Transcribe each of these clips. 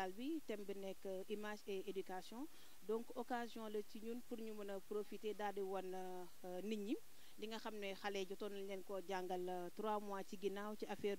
festival bi thème bi nekk euh, image et éducation donc occasion la ci ñun pour ñu mën a profiter daal di wan euh, euh, nit ñi li nga xam ne xale jotoon nañ leen koo jàngal trois mois ci ginnaaw ci affaire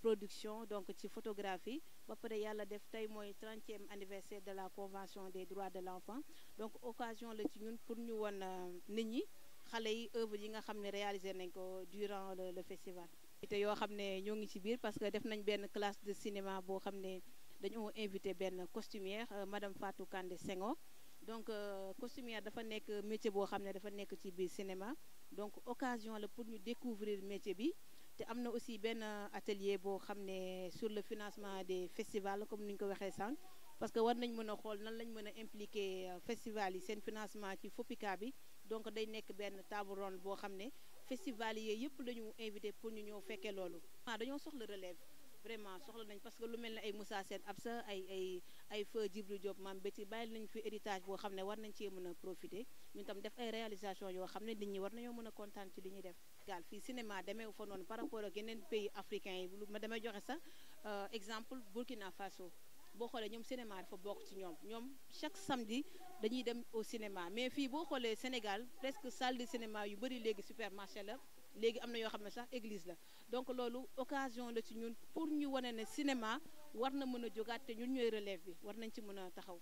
production donc ci photographie ba pare yàlla def tey mooy trentième anniversaire de la convention des droits de l'enfant donc occasion la ci ñun pour ñu woon nit ñi xale yi œuvre yi nga xam ne réalisé nañ ko durant le festival. te yoo xam ne ñoo ngi ci biir parce que def nañ benn classe de cinéma boo xam ne. dañoo invité benn costumière euh, madame Fatou Kandé Senghor donc euh, costumière dafa nekk métier boo xam ne dafa nekk ci biir cinéma donc occasion la pour ñu découvrir métier bi te am na aussi benn euh, atelier boo xam ne sur le financement de festivals comme ni ñu ko waxee sànq parce que war nañ mën a xool nan lañ mën a impliquer festival yi seen financement ci FOPICA bi donc day nekk benn table ronde boo xam ne festival yi yëpp la ñu invité pour ñu ñëw fekkee loolu. waaw dañoo soxla relève. vraiment soxla nañ parce que lu mel ne ay Moussa Sène Absa ay ay ay feu Djibril Diop maam béti bàyyi nañ fi héritage boo xam ne war nañ cee mën a profiter ñun tam def ay réalisation yoo xam ne nit ñi war nañoo mën a kontaan ci li ñuy def gaal fii cinéma demeewu fa noonu par rapport a geneen pays africains yi ma damay joxe sax euh, exemple Burkina Faso boo xoolee ñoom cinéma dafa bokk ci ñoom ñoom chaque samedi dañuy dem au cinéma mais fii boo xoolee Sénégal presque salle de cinéma yu bëri léegi supermarché la léegi am na yoo xam ne sax église la donc loolu occasion la ci ñun pour ñu wane ne cinéma war na mën a jógaat te ñun ñooy relève bi war nañ ci mën a taxaw